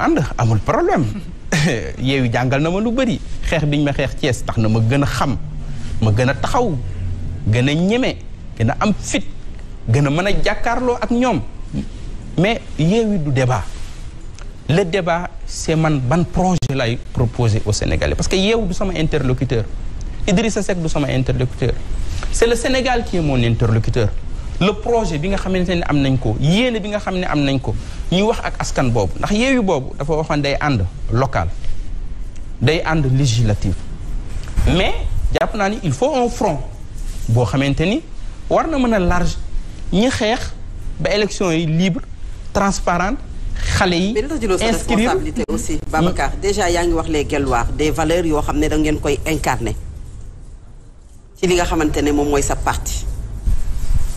and amul problème yeewu jangal na ma lu beuri xex biñ ma xex ties tax na ma gëna xam ma gëna taxaw gëna ñëmé gëna am fit gëna mëna jakarlo ak ñom mais yeewu du débat le débat c'est man ban projet lay proposer au Sénégalais parce que yeewu du sama interlocuteur Idrissa Seck du sama interlocuteur c'est le Sénégal qui est mon interlocuteur le projet bi nga xamante am nañ ko yéene bi nga xamné am nañ ko ñuy wax ak askan boobu ndax yeewu boobu dafa waxoon day ànd local day ànd législatif mais jàpp naa ni il faut un front boo xamante ni war na mën a large ñi xeex ba élection yi libre transparente xale yi responsabilité aussi Babacar déjà yaa ngi wax les gelwaar des valeurs yoo xam ne da ngeen koy incarner ci li nga xamante ne moom mooy sa parti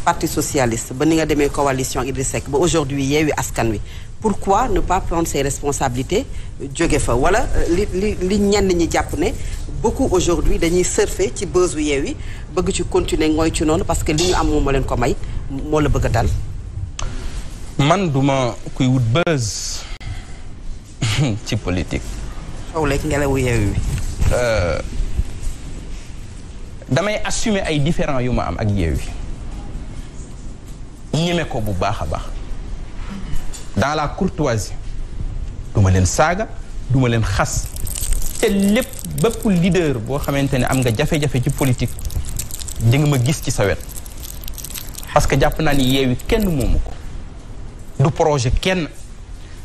parti socialiste ba ni nga demee coalition Idrissa Seck ba aujourd'hui Yewwi Askan Wi pourquoi ne pas prendre ses responsabilités djogé fa wala euh, li li ñenn ñi japp né beaucoup aujourd'hui dañuy surfer ci buzz wu Yewwi bëgg ci continuer ngoy ci non parce que li ñu am mo leen ko may mo la bëgg dal man duma kuy wut buzz ci politique xaw leeg ngelawu Yewwi Euh damay assumer ay différents yu ma am ak Yewwi ñime ko bu baax a baax dans la courtoisie duma leen saaga duma leen xas te lépp bépp leader boo xamante ne am nga jafe-jafe ci politique di nga ma gis ci sa wet parce que jàpp naa ni yeewi kenn moomu ko du projet kenn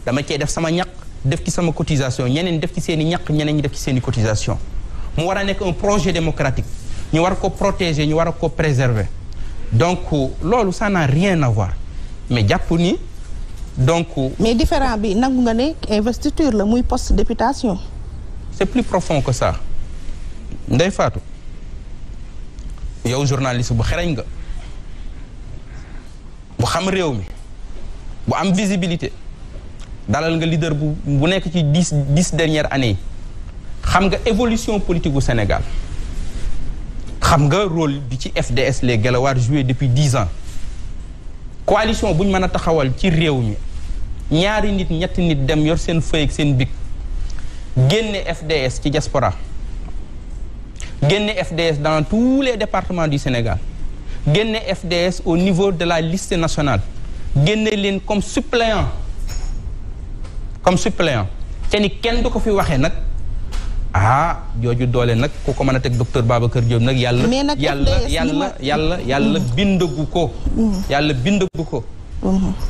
dama cee def sama ñaq def ci sama cotisation ñeneen def ci seen i ñaq ñeneen ñi def ci seen i cotisation mu war a nekk un projet démocratique ñu war ko protéger ñu war a ko préserver donc ça n'a rien à voir mais les donc. mais différent bi nangu nga investiture investiture députation. c'est plus profond que ça D'ailleurs, il y journaliste bu journaliste qui bu xam visibilité leader dernières années évolution politique au Sénégal xam nga rôle bi ci FDS les Guelwaars joué depuis dix ans coalition buñ ñu mën a taxawal ci réew mi ñaari nit ñetti nit dem yor seen feuille ak seen bic génne FDS ci diaspora génne FDS dans tous les départements du Sénégal génne FDS au niveau de la liste nationale génne leen comme suppléant comme suppléant c'est ni kenn du ko fi waxee nag ah jooju doole nag ku ko mën a teg docteur Babacar Diop nag yàlla yàlla yàlla yàlla mm. mm. yàlla bindagu ko yàlla bindagu ko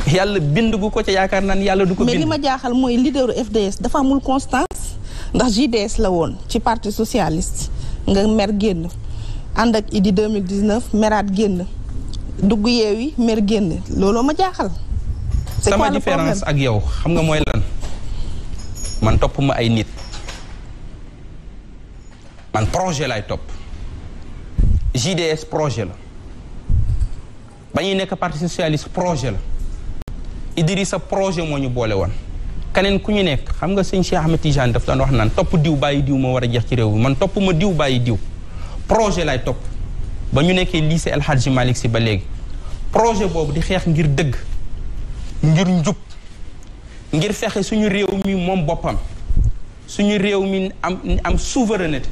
yàlla bindagu ko ca yaakaar naan yàlla du ko bind mais li ma jaaxal mooy leaderu FDS dafa amul constance ndax JDS la woon ci partie socialiste nga mer génn ànd ak Idi 2019 meraat génn dugg yeewi mer génn looloo ma jaaxal c'est sama différence ak yow xam nga mooy lan man topp ma ay nit man projet lay topp JDS projet la ba ñu nekk parti socialiste projet la Idrissa projet moo ñu boole woon keneen ku ñu nekk xam nga sëñ Cheikh Ahmed Tidiane daf daan wax naan topp diw bàyyi diw moo war a jeex ci réew mi man topp ma diw bàyyi diw projet lay topp ba ñu nekkee lycée El Hadji Malick Sy ba léegi projet boobu di xeex ngir dëgg ngir njub ngir fexe suñu réew mi moom boppam suñu réew mi am am souveraineté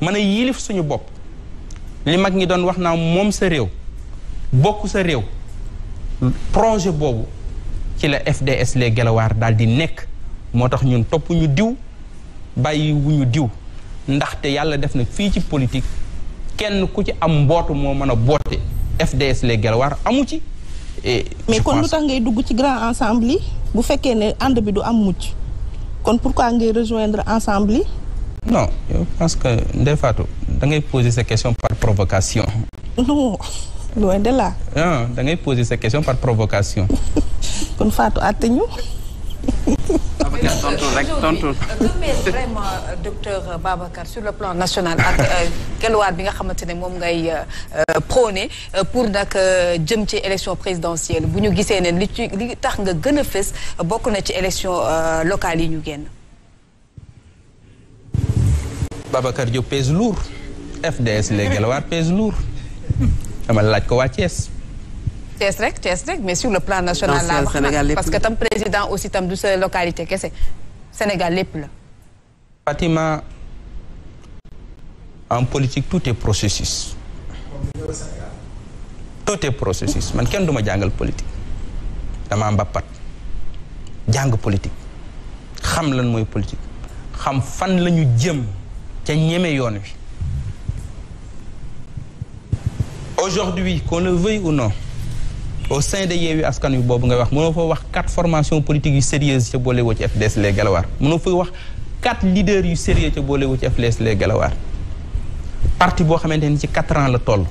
mën a yilif suñu bopp li mag ngi doon wax naa moom sa réew bokk sa réew projet boobu ci la FDS les Guelwaar daal di nekk moo tax ñun topp ñu diw bàyyi ñu diw ndaxte yàlla def na fii ci politique kenn ku ci am mbootu moo mën a boote FDS les Guelwaar amu ci mais kon lu tax ngay dugg ci grand ensemble yi bu fekkee ne ànd bi du am mucc kon pourquoi ngay rejoindre ensemble yi non je pense que Ndeye Fatou da ngay poser ces questions par provocation. non loin de là. non da ngay poser ces questions par provocation. kon Fatou Je ñu. rek tontu. mais vraiment euh, docteur Babacar sur le plan national ak euh, loi bi nga euh, prôné pour que jëm ci élection présidentielle bu ñu gisee ne li ci li tax nga gën a élection locale yi ñu Babacar Diop pèse lourd FDS les Guelwaar pèse lourd C'est laaj ko waa rek c'est mais sur le plan national. parce que ton président aussi tam du ce localité que Sénégal lépp Fatima en politique tout est processus. tout est processus man kenn le jàngal politique dama mbappat jàng politique xam lan mooy politique xam fan lañu jëm aujourd'hui qu'on le veuille ou non au sein de Yewwi Askan Wi boobu ngay wax quatre formations politiques sérieuses qui ont woo ci FDS les Galawaar mënoo fa wax quatre leaders sérieux qui ont woo ci FDS les Le parti bo xamante ci quatre ans la toll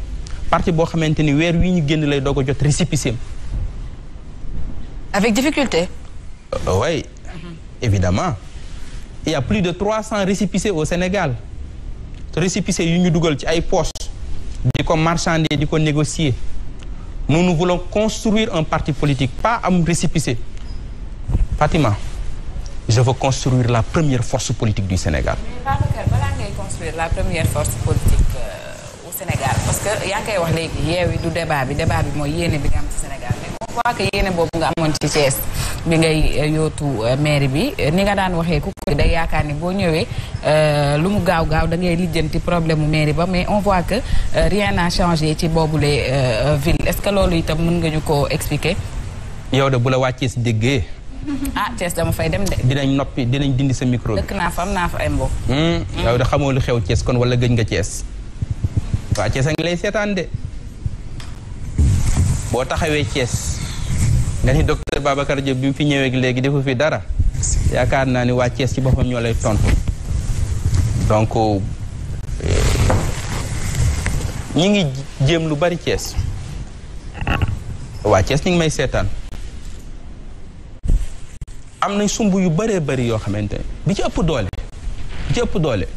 parti bo xamante ni wi ñu gën lay dogo jot avec difficulté euh, oui mm-hmm. évidemment il y a plus de 300 récipicés au Sénégal récépissé une ñu ci ay poches di ko marchander négocier nous nous voulons construire un parti politique pas un récépissé Fatima je veux construire la première force politique du Sénégal. mais construire la première force politique. au Sénégal parce que yaa ngi koy wax léegi yeewi du débat bi débat bi mooy yéene bi nga am ci Sénégal mais on que yéene boobu nga amoon ci Thiès bi ngay euh, yootu euh, mairie bi euh, ni nga daan waxee ku ko day yaakaar ni boo ñëwee lu mu gaaw gaaw da ngay lijjanti problème mu mairie ba mais on voit que rien n'a changé ci boobule ville est ce que loolu itam mën nga ñu ko expliquer. yow de bu la waa Thiès déggee. ah Thiès dama fay dem de. dinañ noppi dinañ dindi sa micro bi. ay mbokk. Hmm? Hmm. yow de xamoo xew Thiès kon wala gëj nga Thiès. waa Thiès a ngi lay seetaan de boo taxawee cees nga ni docteur Babacar Diop bi mu fi ñëwee léegi defu fi dara yaakaar naa ni waa Thiès ci boppam ñoo lay tontu donc euh, ñu ngi jéem lu bari Thiès waa Thiès ñu ngi may seetaan am nañ sumb yu bëree bari yoo xamante bi ci ëpp doole bi ci ëpp doole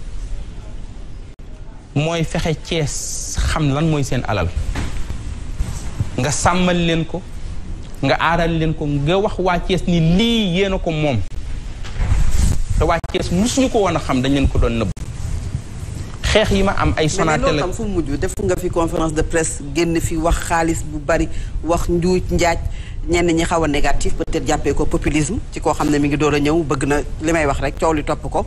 mooy fexe Cees xam lan mooy seen alal nga sàmmal leen ko nga aaral leen ko nga wax waa Cees ni lii yéen a ko moom te waa Cees musuñu ko woon a xam dañ leen ko doon nëbb xeex yi ma am ay Sonatel la fu mujj def nga fi conférence de presse génn fi wax xaalis bu bari wax njuuj njaaj ñenn ñi xaw a négatif peut-être jàppee ko populisme ci koo xam ne mi ngi door a ñëw bëgg na li may wax rek coow li topp ko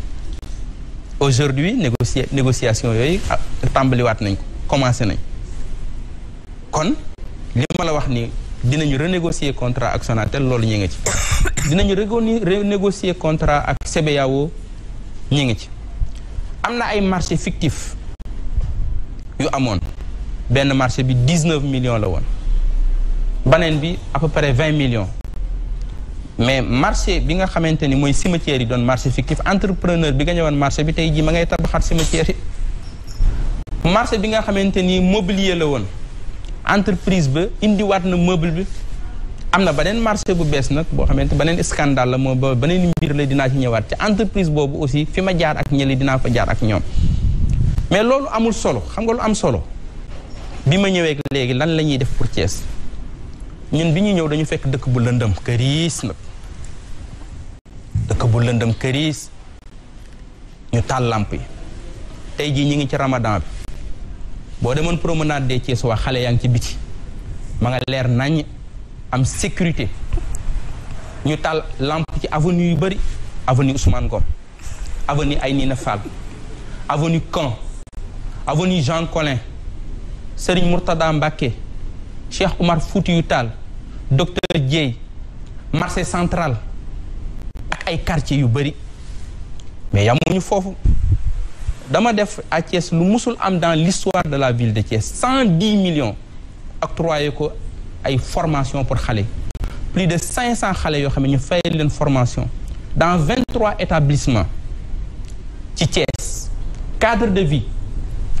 aujourd'hui négociation yooyu ah, nañ ko commencé nañ kon li ma la wax ni dinañu renégocier contrat ak Sonatel lolou ñinga ci dinañu renégocier contrat ak CBAO ñinga ci amna ay marché fictif yu amone benn marché bi 19 millions la won banen bi à peu près 20 millions mais marché bi nga xamanteni ni cimetière yi marché fictif entrepreneur bi nga ñewon marché bi tay ji ma ngay tabaxat cimetière yi marché bi nga xamanteni ni mobilier la won entreprise ba wat na meuble bi amna benen marché bu bes nak bo xamanteni benen scandale la moo ba mbir lay dina ci ñewat ci entreprise bobu aussi fi ma jaar ak ñëli dina fa jaar ak ñom mais lolu amul solo xam nga lu am solo bi ma ñëwee légui lan lañuy def pour ties ñun biñu ñew dañu fekk dëkk bu lëndëm këriis nak bu lëndëm këriis ñu taal làmp yi tey jii ñi ngi ci ramadan bi boo demoon promenade des Thiès waa xale yaa ngi ci biti ma nga leer nañ am sécurité ñu taal làmp ci avenue yu bëri avenue Ousmane Ngom avenue Aynina Fall avenue Caen avenue Jean Collin Serigne Mourtada Mbacké Cheikh Oumar Foutiyou Tall docteur Dieye marché central ak ay quartiers mais yamuñu fofu dama def à dans l'histoire de la ville de Thiès 110 millions octroyé à ay formation pour xalé plus de 500 xalé dans 23 établissements ci cadre de vie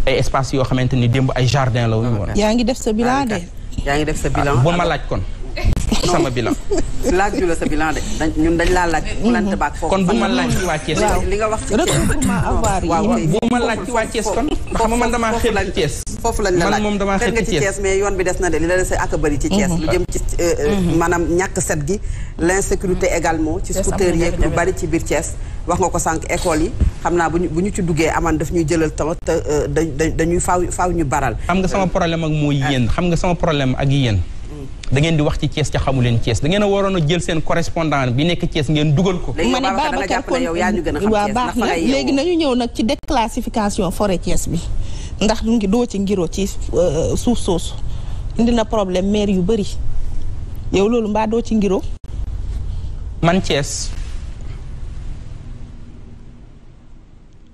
et espaces yo jardins. jardin bilan de. def bilan bilan. Ah, laaj ju la dañ ñun dañ laa laaj. plante baag foofu kon bu ma laaj ci waa li nga wax ci bu ma laaj ci waa Thiès kon. xam nga man damaa xëy ci Thiès. foofu lañ la moom damaa xëy ci Thiès mais yoon bi des na de ak a bëri ci mhm. Thiès. lu jëm ci euh, euh, mhm. Mhm. maanaam ñàkk set gi. l' sécurité également ci scooter yeeg lu bari ci biir Thiès. wax nga ko sànq école yi xam naa bu ñu bu ñu ci duggee amaan daf ñuy jëlal temps te euh, dañuy faaw faaw ñu baral. xam nga sama problème ak mooy yéen xam nga sama problème ak yéen da ngeen di wax ci ties ci xamu len ties da ngeen a waroon jël sen correspondant bi nek ties ngeen duggal ko. ma ne Babacar kon waaw baax na léegi nañu ñëw nak ci déclassification forêt ties bi ndax mu ngi do ci ngiro ci euh, souf soosu indi na problème maire yu bari yow lolu mba do ci ngiro man ties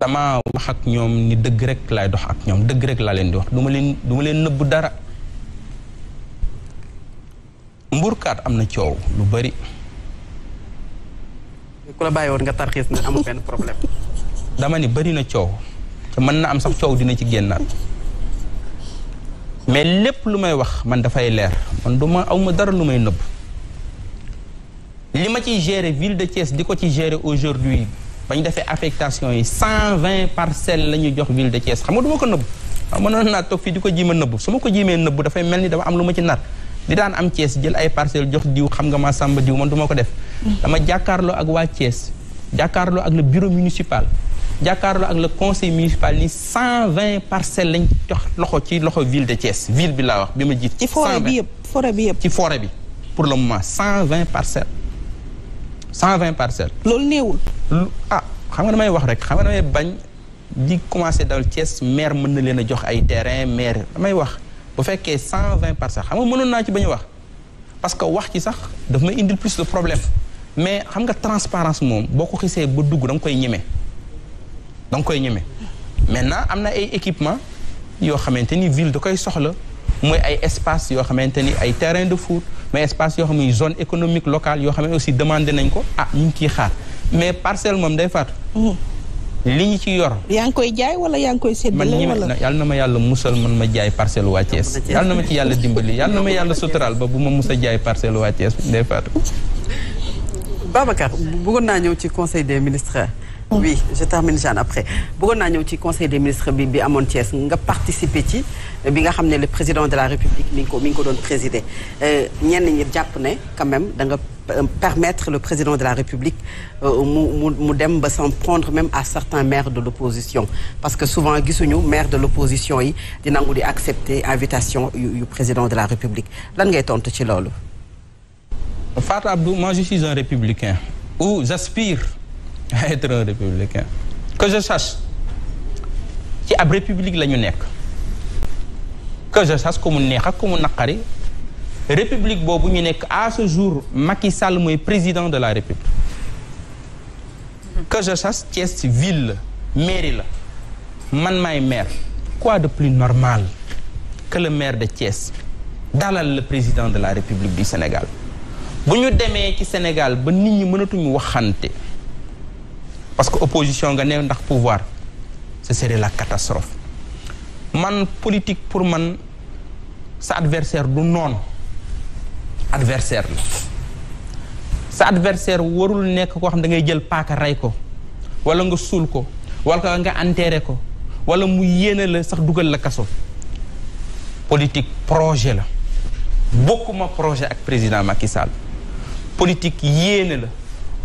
dama wax ak ñom ni deug rek lay dox ak ñom deug rek la leen di wax duma leen duma leen neub dara mburkaat am na coow lu bari ku bàyyi woon nga tarxiis na amul benn problème dama ni bari na coow te mën na am sax coow dina ci génnaat mais lépp lu may wax man dafay leer man du ma aw ma dara lu may nëbb li ma ciy gérer ville de Thiès di ko ci gérer aujourd'hui ba ñu defee affectation yi cent vingt parcelles la ñuy jox ville de Thiès xam nga du ma ko nëbb waaw mënoon naa toog fii di ko jiima nëbb su ma ko jiimee nëbb dafay mel ni dafa am lu ma ci nar li daan am Thiès jël ay parcelles jox diw xam nga ma sàmba diw man duma ko def. dama jàkkaarloo ak waa Thiès jàkkaarloo ak le bureau municipal. jàkkaarloo ak le conseil municipal ni 120 parcelles lañ jox loxo ci loxo ville de Thiès ville bi laa wax bi ma jiit. ci forêt bi yëpp forêt bi yëpp. ci forêt bi pour le moment 120 parcelles. 120 parcelles. loolu néewul. ah xam nga damay wax rek xam nga damay bañ di commencé dal Thiès maire mën na leen a jox ay terrain maire damay wax. bu fekkee cent vingt par cent xam nga mënoon naa ci bañ wax parce que wax ci sax daf may indil plus de problème mais xam nga transparence moom boo ko xisee ba dugg da nga koy ñeme da nga koy ñeme maintenant am na ay équipement yoo xamante ni ville da koy soxla mooy ay espace yoo xamante ni ay terrain de foot mais espace yoo xam ne zone économique locale yoo xam ne aussi demandé nañ ko ah ñu ngi xaar mais parcelle moom day faatu mmh. li ñu ci yor. yaa ngi koy jaay wala yaa ngi koy séddale wala man yàlla na ma yàlla musal man ma jaay parcelle waa Thiès yàlla na ma ci yàlla dimbali yàlla na ma yàlla sutural ba bu ma mus a jaay parcel waa Thiès ndey Fatou. Babacar bëggoon naa ñëw ci conseil des ministre oui je termine Jeanne après bëggoon naa ñëw ci conseil des ministres bi bi Amon Thiès nga participer ci bi nga le président de la république vous avez ko président. ko doon présider euh, quand même da euh, permettre le président de la république euh, de s'en prendre même à certains maires de l'opposition parce que souvent les maires de l'opposition ils di pas di accepter président de la république lan ngay tontu ci loolu Fat Abdou moi je suis un républicain j'aspire être un républicain que je sache ci la république la ñu que je sache comment on est, ak on a naqari république boobu ñu à ce jour Macky Sall est président de la république que je sache Thiès ville mairie la man maire quoi de plus normal que le maire de Thiès dans le président de la république du Sénégal bu ñu demee ci Sénégal ba nit ñi mënatuñu waxante parce que opposition nga dans le pouvoir ce serait la catastrophe man politique pour man sa adversaire du non. adversaire sa adversaire warul nek ko xam da ngay jël paaka ray ko wala nga sul ko wala nga enterrer ko wala mu yéene la sax duggal la kasso politique projet la bokkuma projet ak président Macky Sall politique yéene la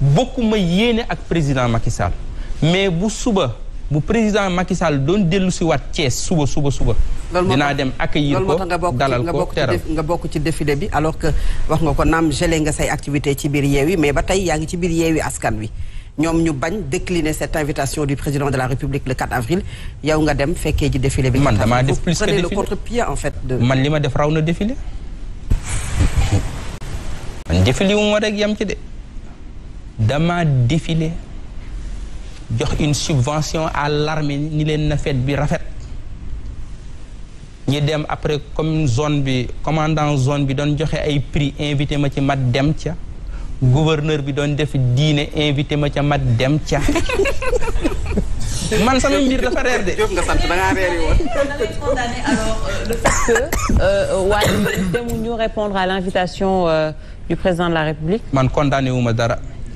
bokkuma yéene ak président Macky Sall mais bu suba bu président Macky Sall doon dellu si waat Thiès suba suba suba. dinaa dem accueillir ko dalal ko teral nga bokk ci défilé bi alors que wax nga ko naam gelé nga say activité ci biir yeewi mais ba tey yaa ngi ci biir yeewi askan wi. ñoom ñu bañ décliner cette invitation du président de la République le 4 avril yow nga dem fekkee ji défilé bi. man damaa def plus que défilé le contre-pied en fait. man li def raw na défilé. man rek yam ci de. dama défilé jox une subvention à l'armée ni len na fête bi rafet ñi dem après comme zone bi commandant zone bi doon joxé ay prix invité ma ci dem gouverneur bi doon def invité ma euh, le euh, euh, répondre à l'invitation du président de la République. condamné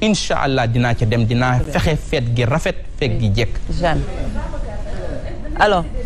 incha allah dinaa ca dem dinaa fexe feet gi rafet feet gi jekk alors